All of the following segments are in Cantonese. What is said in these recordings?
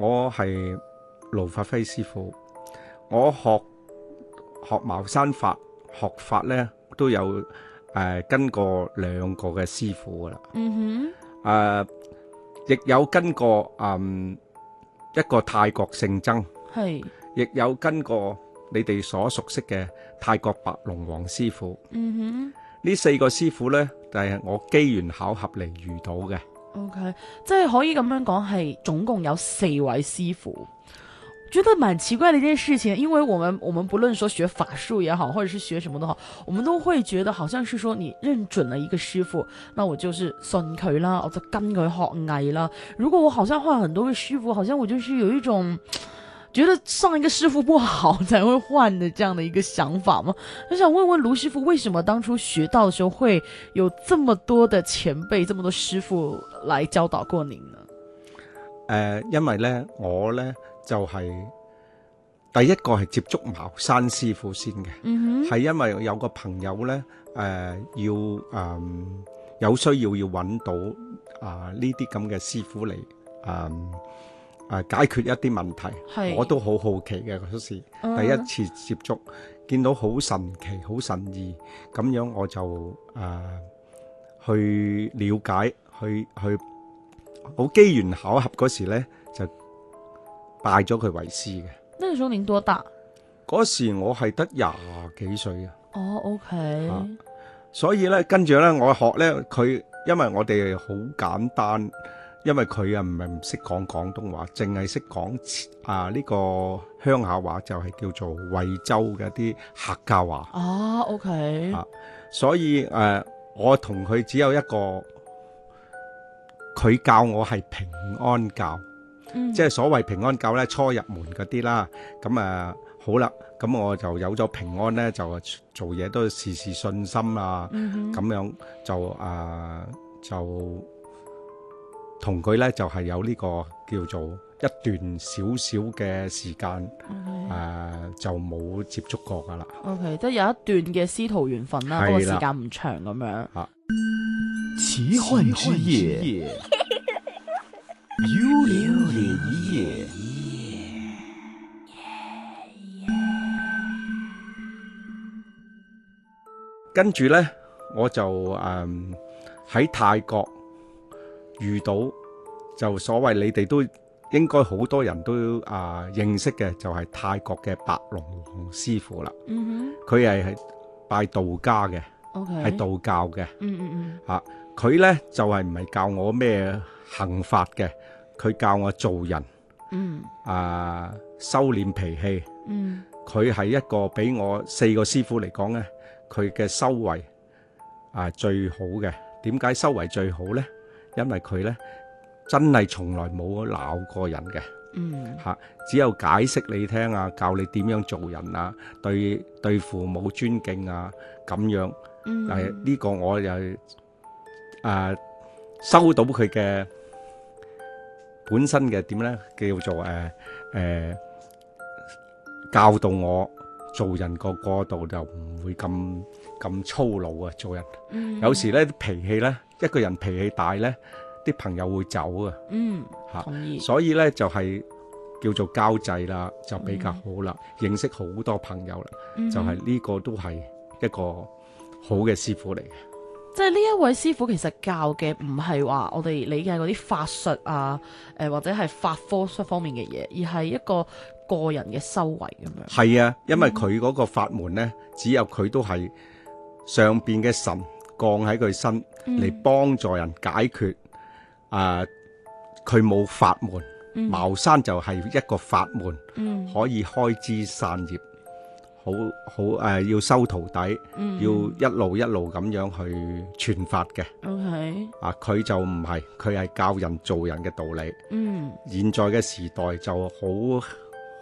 我係盧發輝師傅，我學學茅山法學法咧，都有誒跟過兩個嘅師傅噶啦。嗯哼。誒，亦有跟過嗯一個泰國聖僧。係。亦有跟過你哋所熟悉嘅泰國白龍王師傅。嗯哼。呢四個師傅咧，就係我機緣巧合嚟遇到嘅。OK，即係可以咁樣講，係總共有四位師傅，覺得蠻奇怪的一件事情，因爲我們我們不論說學法術也好，或者是學什麼都好，我們都會覺得，好像是說你認準了一個師傅，那我就是信佢啦，我就跟佢學藝啦。如果我好像換很多個師傅，好像我就是有一種。覺得上一個師傅不好才會換的這樣的一個想法嗎？我想問問盧師傅，為什麼當初學到的時候會有這麼多的前輩、這麼多師傅來教導過您呢？誒、呃，因為呢，我呢就係、是、第一個係接觸茅山師傅先嘅，嗯哼，係因為有個朋友呢誒、呃，要嗯、呃、有需要要揾到啊呢啲咁嘅師傅嚟，嗯、呃。誒、啊，解決一啲問題，是我都好好奇嘅嗰時，第一次接觸，嗯、見到好神奇、好神異，咁樣我就誒、啊、去了解，去去好機緣巧合嗰時咧，就拜咗佢為師嘅。嗰時你多大？嗰時我係得廿幾歲嘅。哦，OK、啊。所以咧，跟住咧，我學咧，佢因為我哋好簡單。因為佢啊，唔係唔識講廣東話，淨係識講啊呢個鄉下話，就係、是、叫做惠州嘅一啲客家話。哦、啊、OK、啊。所以誒、呃，我同佢只有一個，佢教我係平安教，嗯、即係所謂平安教咧，初入門嗰啲啦。咁啊、呃，好啦，咁我就有咗平安咧，就做嘢都事事信心啊，咁、嗯、哼樣就啊、呃、就。同佢咧就係有呢個叫做一段少少嘅時間，誒就冇接觸過噶啦。OK，即係有一段嘅師徒緣分啦，不過時間唔長咁樣。啊，始開之葉，幽靈葉。跟住咧，我就誒喺泰國。遇到就所謂你哋都應該好多人都啊認識嘅就係、是、泰國嘅白龍王師傅啦。嗯哼、mm，佢係係拜道家嘅，OK，係道教嘅。嗯嗯嗯，嚇佢咧就係唔係教我咩行法嘅，佢教我做人。嗯、mm，hmm. 啊，修練脾氣。嗯、mm，佢、hmm. 係一個比我四個師傅嚟講咧，佢嘅修為啊最好嘅。點解修為最好咧？因為佢咧真係從來冇鬧過人嘅，吓，只有解釋你聽啊，教你點樣做人啊，對對父母尊敬啊，咁樣。但係呢個我又誒收到佢嘅本身嘅點咧，叫做誒誒教導我做人個角度就唔會咁咁粗魯啊，做人有時咧啲脾氣咧。一個人脾氣大呢，啲朋友會走啊。嗯，吓、啊，所以呢，就係叫做交際啦，就比較好啦。嗯、認識好多朋友啦，嗯、就係呢個都係一個好嘅師傅嚟嘅。即係呢一位師傅，其實教嘅唔係話我哋理解嗰啲法術啊，誒、呃、或者係法科方面嘅嘢，而係一個個人嘅修為咁樣。係、嗯、啊，因為佢嗰個法門呢，只有佢都係上邊嘅神。降喺佢身嚟幫助人解決，啊，佢冇法門，茅山就係一個法門，可以開枝散葉，好好誒，要收徒弟，要一路一路咁樣去傳法嘅。OK，啊，佢就唔係，佢係教人做人嘅道理。嗯，現在嘅時代就好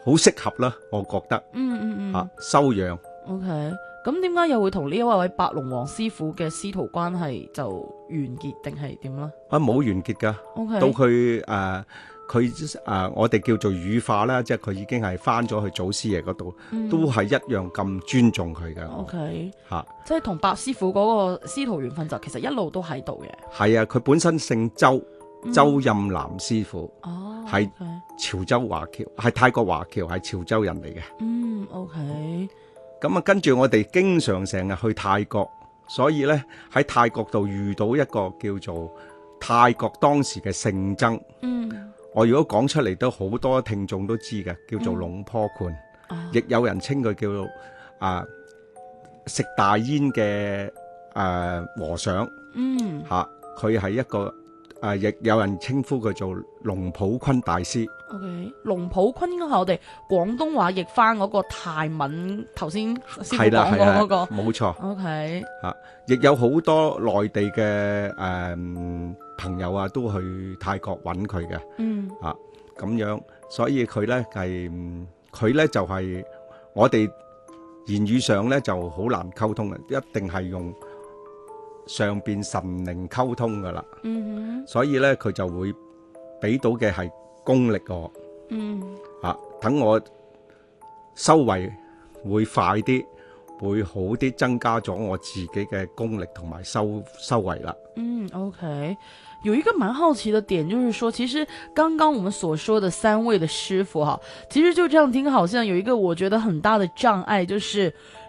好適合啦，我覺得。嗯嗯嗯，啊修養。OK。咁點解又會同呢一位白龍王師傅嘅師徒關係就完結定係點咧？呢啊，冇完結噶，OK？到佢誒，佢、呃、誒、呃，我哋叫做羽化啦，即係佢已經係翻咗去祖師爺嗰度，嗯、都係一樣咁尊重佢噶。OK，吓、啊，即係同白師傅嗰個師徒緣分就其實一路都喺度嘅。係啊，佢本身姓周，周任南師傅，係、嗯、潮州華僑，係泰國華僑，係潮州人嚟嘅。嗯，OK。咁啊，跟住我哋經常成日去泰國，所以呢，喺泰國度遇到一個叫做泰國當時嘅聖僧。嗯，我如果講出嚟都好多聽眾都知㗎，叫做龍坡盤，亦有人稱佢叫做啊食大煙嘅誒、啊、和尚。嗯、啊，佢係一個。誒，亦有人稱呼佢做龍普坤大師。O K，龍普坤應該係我哋廣東話譯翻嗰個泰文頭先先講嗰個，係喇，係喇，冇錯。O K，吓，亦有好多內地嘅誒朋友啊，都去泰國揾佢嘅。嗯，啊，咁樣，所以佢咧係，佢咧就係我哋言語上咧就好難溝通嘅，一定係用。上邊神靈溝通噶啦，嗯、哼所以咧佢就會俾到嘅係功力我，嗯、啊，等我修為會快啲，會好啲增加咗我自己嘅功力同埋修修為啦。嗯，OK，有一個蠻好奇嘅點，就是說，其實剛剛我們所說的三位嘅師傅哈，其實就這樣聽，好像有一個我覺得很大的障礙，就是。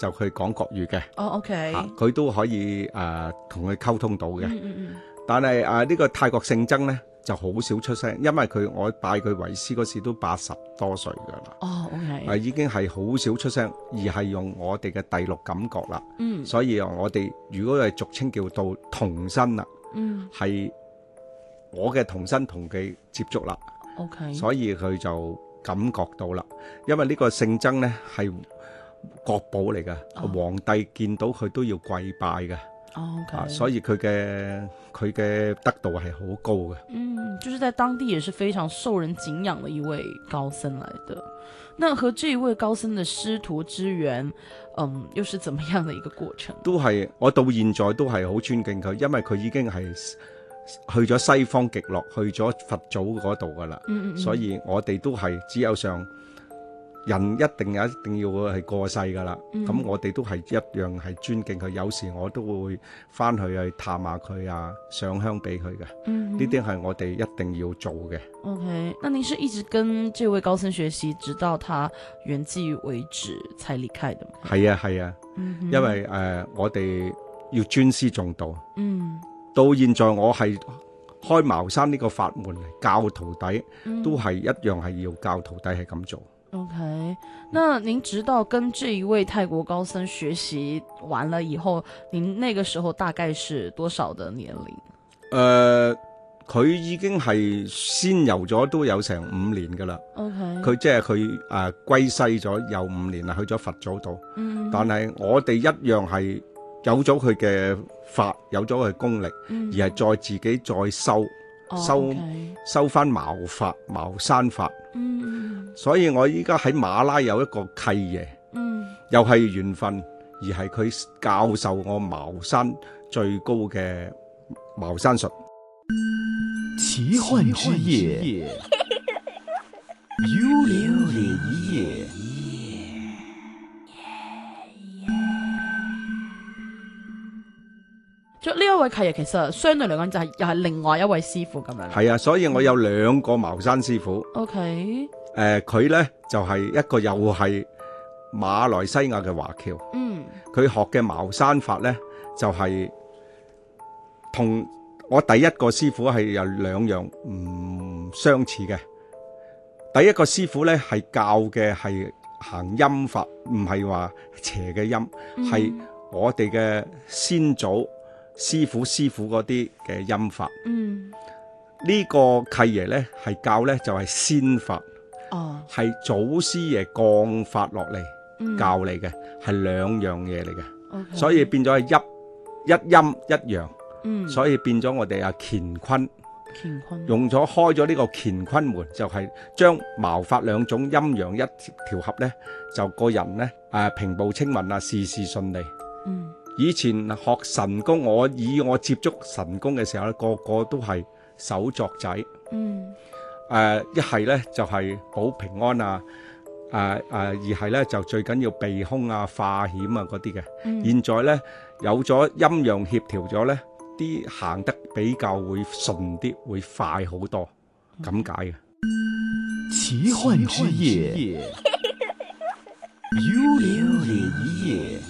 就去講國語嘅，佢、oh, okay. 啊、都可以誒同佢溝通到嘅。Mm hmm. 但係誒呢個泰國性增咧，就好少出聲，因為佢我拜佢為師嗰時都八十多歲㗎啦，係、oh, okay. 啊、已經係好少出聲，而係用我哋嘅第六感覺啦。Mm hmm. 所以我哋如果係俗稱叫做童身啦，係、mm hmm. 我嘅童身同佢接觸啦，Okay. 所以佢就感覺到啦，因為呢個爭呢個性增咧係。係國寶嚟噶，啊、皇帝見到佢都要跪拜噶、啊 okay 啊，所以佢嘅佢嘅德度係好高嘅。嗯，就是在當地也是非常受人敬仰嘅一位高僧嚟的。那和這位高僧的師徒之緣、嗯，又是怎麼樣的一個過程？都係我到現在都係好尊敬佢，因為佢已經係去咗西方極樂，去咗佛祖嗰度噶啦。嗯嗯嗯，所以我哋都係只有上。人一定一定要係過世噶啦，咁、嗯、我哋都係一樣係尊敬佢。嗯、有時我都會翻去去探下佢啊，上香俾佢嘅。呢啲係我哋一定要做嘅。OK，那你是一直跟這位高僧學習，直到他圓寂為止才離開的嘛？係啊，係啊，嗯、因為誒、嗯呃、我哋要尊師重道。嗯，到現在我係開茅山呢個法門嚟教徒弟，都係一樣係要教徒弟係咁做。O.K.，那您直到跟這一位泰國高僧學習完了以後，您那個時候大概是多少的年齡？誒、呃，佢已經係先遊咗都有成五年噶啦。O.K.，佢即係佢誒歸西咗又五年啦，去咗佛祖度。Mm hmm. 但係我哋一樣係有咗佢嘅法，有咗佢功力，mm hmm. 而係再自己再修。收返翻、oh, okay. 茅法茅山法，mm hmm. 所以我依家喺馬拉有一個契爺，mm hmm. 又係緣分，而係佢教授我茅山最高嘅茅山術。位契啊，其實相對嚟講就係又係另外一位師傅咁樣。係啊，所以我有兩個茅山師傅。OK，誒，佢、呃、呢就係、是、一個又係馬來西亞嘅華僑。嗯，佢學嘅茅山法呢，就係、是、同我第一個師傅係有兩樣唔、嗯、相似嘅。第一個師傅呢係教嘅係行陰法，唔係話邪嘅陰，係、嗯、我哋嘅先祖。師傅師傅嗰啲嘅陰法，嗯，呢個契爺呢係教呢就係、是、先法，哦，係祖師爺降法落嚟、嗯、教你嘅，係兩樣嘢嚟嘅，okay, 所以變咗一一陰一陽，嗯，所以變咗我哋啊乾坤，乾坤用咗開咗呢個乾坤門，就係、是、將毛法兩種陰陽一條合呢，就個人呢誒、啊、平步青雲啊，事事順利。以前學神功，我以我接觸神功嘅時候咧，個個都係手作仔。嗯，誒一係咧就係保平安啊，誒誒二係咧就最緊要避凶啊、化險啊嗰啲嘅。現在咧有咗陰陽協調咗咧，啲行得比較會順啲，會快好多，咁解嘅。此去也，由來也。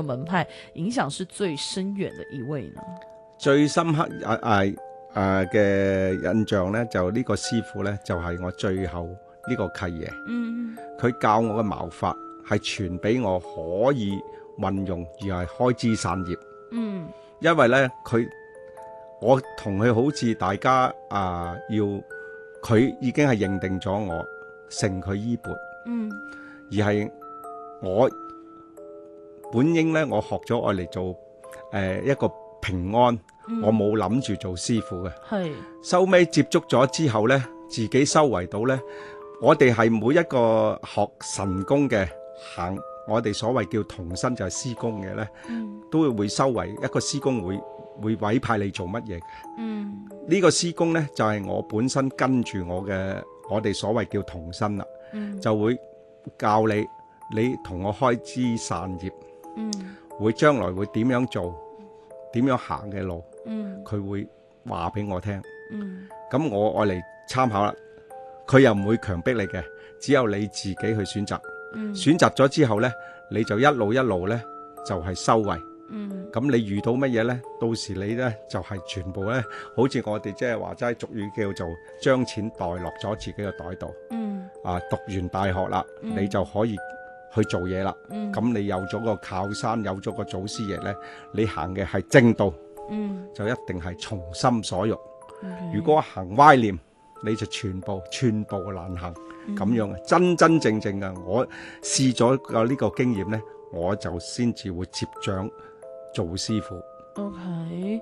門派影響是最深遠的一位呢？最深刻誒誒誒嘅印象咧，就呢個師傅咧，就係、是、我最後呢個契爺。嗯，佢教我嘅矛法係傳俾我可以運用而係開枝散葉。嗯，因為咧佢我同佢好似大家啊、呃，要佢已經係認定咗我承佢衣鉢。嗯，而係我。本應咧，我學咗我嚟做誒一個平安，我冇諗住做師傅嘅。係收尾接觸咗之後咧，自己收為到咧，我哋係每一個學神功嘅行，我哋所謂叫童身就係師公嘅咧，都會會收為一個師公會會委派你做乜嘢嘅。呢個師公咧就係我本身跟住我嘅我哋所謂叫童身啦，就會教你你同我開枝散葉。嗯，會將來會點樣做，點樣行嘅路，佢、嗯、會話俾我聽。咁、嗯、我我嚟參考啦。佢又唔會強迫你嘅，只有你自己去選擇。嗯、選擇咗之後呢，你就一路一路呢，就係、是、收圍。咁、嗯、你遇到乜嘢呢？到時你呢，就係、是、全部呢，好似我哋即係話齋俗語叫做將錢袋落咗自己嘅袋度。嗯、啊，讀完大學啦，嗯、你就可以。去做嘢啦，咁你有咗個靠山，有咗個祖師爺呢，你行嘅係正道，就一定係從心所欲。Okay. 如果行歪念，你就全部全部難行咁樣、嗯、真真正正嘅。我試咗有呢個經驗呢，我就先至會接掌做師傅。OK。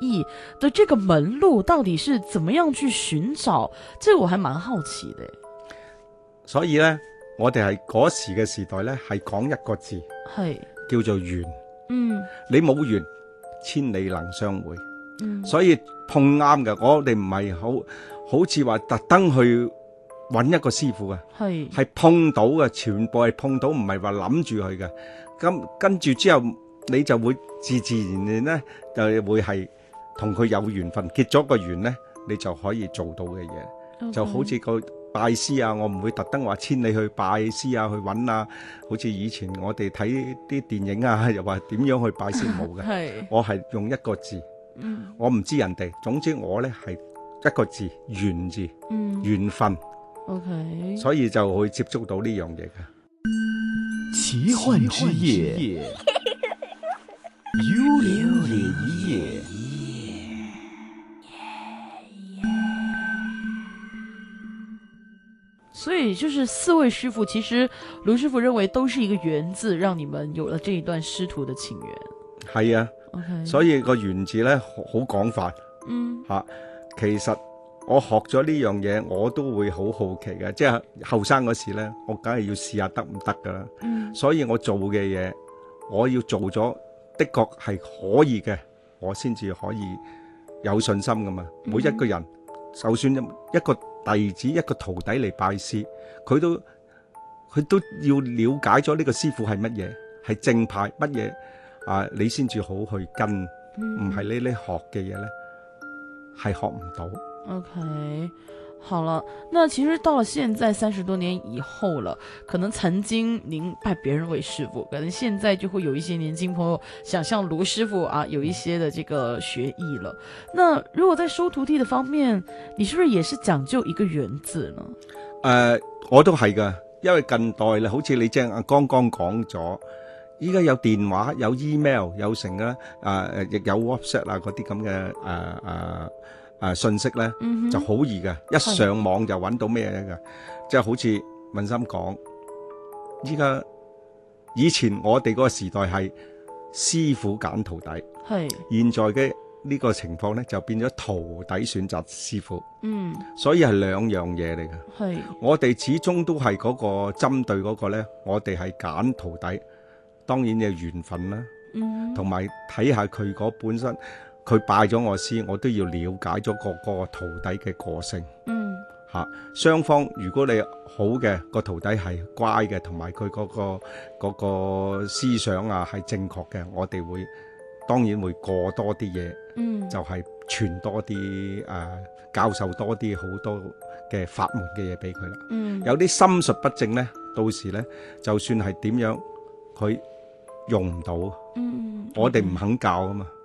意對這個門路到底是怎麼樣去尋找？這個，我還蠻好奇的。所以呢，我哋係嗰時嘅時代呢，係講一個字，係是叫做緣。嗯，你冇緣，千里能相會。嗯，所以碰啱嘅，我哋唔係好，好似話特登去揾一個師傅嘅啊，係是碰到嘅，全部係碰到，唔係話諗住佢嘅。咁跟住之後，你就會自自然然呢，就會係。同佢有緣分，結咗個緣呢，你就可以做到嘅嘢，就好似個拜師啊，我唔會特登話千里去拜師啊，去揾啊，好似以前我哋睇啲電影啊，又話點樣去拜師冇嘅，我係用一個字，我唔知人哋，總之我呢係一個字緣字，緣分，OK，所以就會接觸到呢樣嘢嘅奇幻之夜，幽靈夜。所以就是四位師傅，其實盧師傅認為都是一個緣字，讓你們有了這一段師徒的情緣。係啊，Okay 所以個緣字咧好廣泛。好嗯，吓、啊，其實我學咗呢樣嘢，我都會好好奇嘅，即係後生嗰時咧，我梗係要試下得唔得噶啦。嗯、所以我做嘅嘢，我要做咗的確係可以嘅，我先至可以有信心噶嘛。嗯、每一個人，就算一個。弟子一個徒弟嚟拜師，佢都佢都要了解咗呢個師傅係乜嘢，係正派乜嘢啊？你先至好去跟，唔係你你學嘅嘢咧，係學唔到。OK。好了，那其實到了現在三十多年以後了，可能曾經您拜別人為師傅，可能現在就會有一些年輕朋友想向盧師傅啊有一些的這個學藝了。那如果在收徒弟的方面，你是不是也是講究一個緣字呢？誒、呃，我都係噶，因為近代啦，好似你正阿剛剛講咗，依家有電話、有 email、有成啦，誒、呃、誒，亦有 WhatsApp 啊嗰啲咁嘅誒誒。啊！信息呢、mm hmm. 就好易嘅，一上網就揾到咩嘢嘅，即係的好似文心講，依家以前我哋嗰個時代係師傅揀徒弟，的現在嘅呢個情況呢就變咗徒弟選擇師傅，mm hmm. 所以係兩樣嘢嚟嘅。的我哋始終都係嗰個針對嗰個呢，我哋係揀徒弟，當然有緣分啦，同埋睇下佢嗰本身。佢拜咗我師，我都要了解咗個個徒弟嘅個性。嗯，嚇，雙方如果你好嘅個徒弟係乖嘅，同埋佢嗰個嗰個思想啊係正確嘅，我哋會當然會過多啲嘢。嗯，就係傳多啲誒教授多啲好多嘅法門嘅嘢俾佢啦。嗯，有啲心術不正咧，到時咧就算係點樣，佢用唔到。嗯，我哋唔肯教啊嘛。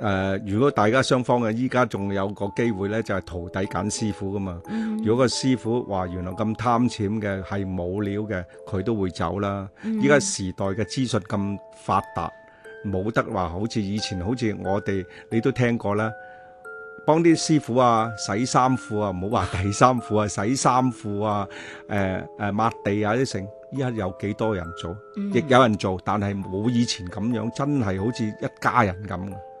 呃、如果大家雙方嘅依家仲有個機會呢，就係、是、徒弟揀師傅噶嘛。嗯、如果個師傅話原來咁貪錢嘅係冇料嘅，佢都會走啦。依家、嗯、時代嘅資訊咁發達，冇得話好似以前，好似我哋你都聽過啦，幫啲師傅啊洗衫褲啊，唔好話洗衫褲啊，洗衫褲啊，抹、啊 啊呃、地啊啲剩依家有幾多人做？亦、嗯、有人做，但係冇以前咁樣，真係好似一家人咁。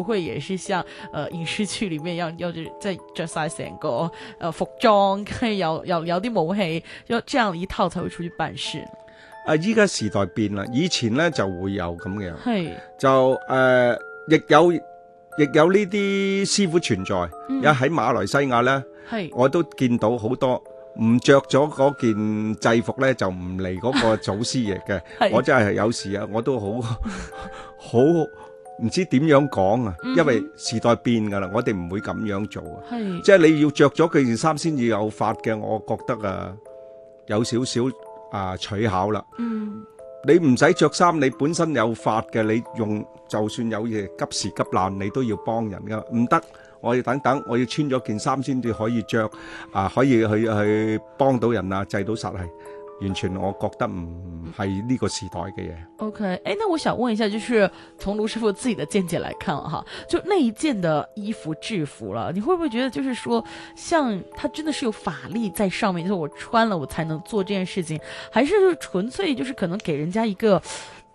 會唔會，也是像，誒、呃，影視劇裏面要要着，即係着晒成個，誒、呃，服裝，跟住，又又有啲武器，咁樣一套才會出去辦事。啊、呃，依家時代變啦，以前咧就會有咁嘅，係是，就誒、呃，亦有亦有呢啲師傅存在，而喺、嗯、馬來西亞咧，係是，我都見到好多唔着咗嗰件制服咧，就唔嚟嗰個祖師爺嘅， 是我真係有時啊，我都好好。 很唔知點樣講啊，因為時代變㗎啦，我哋唔會咁樣做啊，是即係你要着咗佢件衫先至有法嘅，我覺得啊，有少少啊取巧啦。嗯、你唔使着衫，你本身有法嘅，你用就算有嘢急時急難，你都要幫人噶，唔得我要等等，我要穿咗件衫先至可以着，啊、呃，可以去去幫到人啊，制到實係。完全，我覺得唔係呢個時代嘅嘢。OK，誒，那我想問一下，就是從盧師傅自己的見解來看，哈，就那一件的衣服制服了，你會不會覺得就是說，像他真的是有法力在上面，就是我穿了我才能做這件事情，還是就純粹就是可能給人家一個？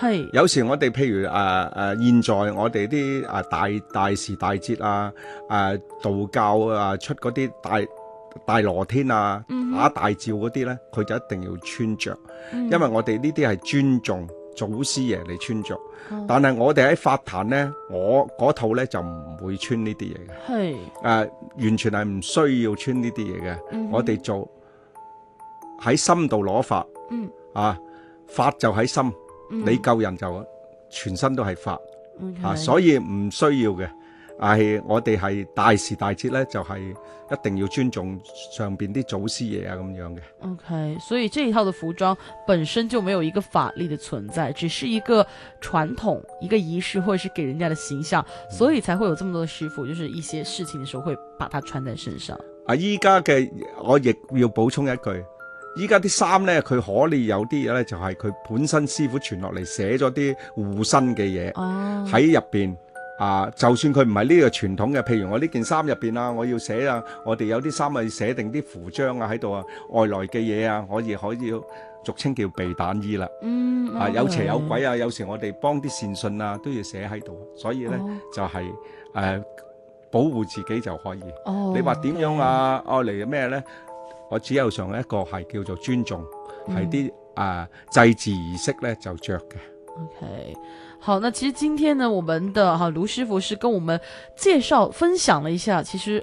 是有時，我哋譬如誒誒、呃，現在我哋啲啊大大時大節啊，誒、呃、道教啊出嗰啲大大羅天啊、嗯、哼打大照嗰啲咧，佢就一定要穿着，嗯、因為我哋呢啲係尊重祖師爺嚟穿着。嗯、但係我哋喺法壇咧，我嗰套咧就唔會穿呢啲嘢嘅。係是、呃、完全係唔需要穿呢啲嘢嘅。嗯、哼我哋做喺心度攞法、嗯、啊，法就喺心。你救人就全身都係法，啊，所以唔需要嘅，係我哋係大時大節咧，就係、是、一定要尊重上邊啲祖師爺啊咁樣嘅。O、okay, K，所以這一套嘅服裝本身就沒有一個法力的存在，只是一個傳統、一個儀式，或者是給人家的形象，嗯、所以才會有這麼多的師傅，就是一些事情嘅時候會把它穿在身上。啊，依家嘅我亦要補充一句。依家啲衫咧，佢可以有啲嘢咧，就係佢本身師傅傳落嚟寫咗啲護身嘅嘢，喺入邊啊。就算佢唔係呢個傳統嘅，譬如我呢件衫入邊啊，我要寫啊，我哋有啲衫啊要寫定啲符章啊喺度啊，外來嘅嘢啊，可以可以俗稱叫避彈衣啦。嗯，啊有邪有鬼啊，有時我哋幫啲善信啊都要寫喺度，所以咧就係誒保護自己就可以。你話點樣啊？用嚟咩咧？我只有上一個係叫做尊重，係啲誒祭祀儀式咧就着嘅。Okay，好，那其實今天呢，我們的哈盧師傅是跟我們介紹分享了一下，其實。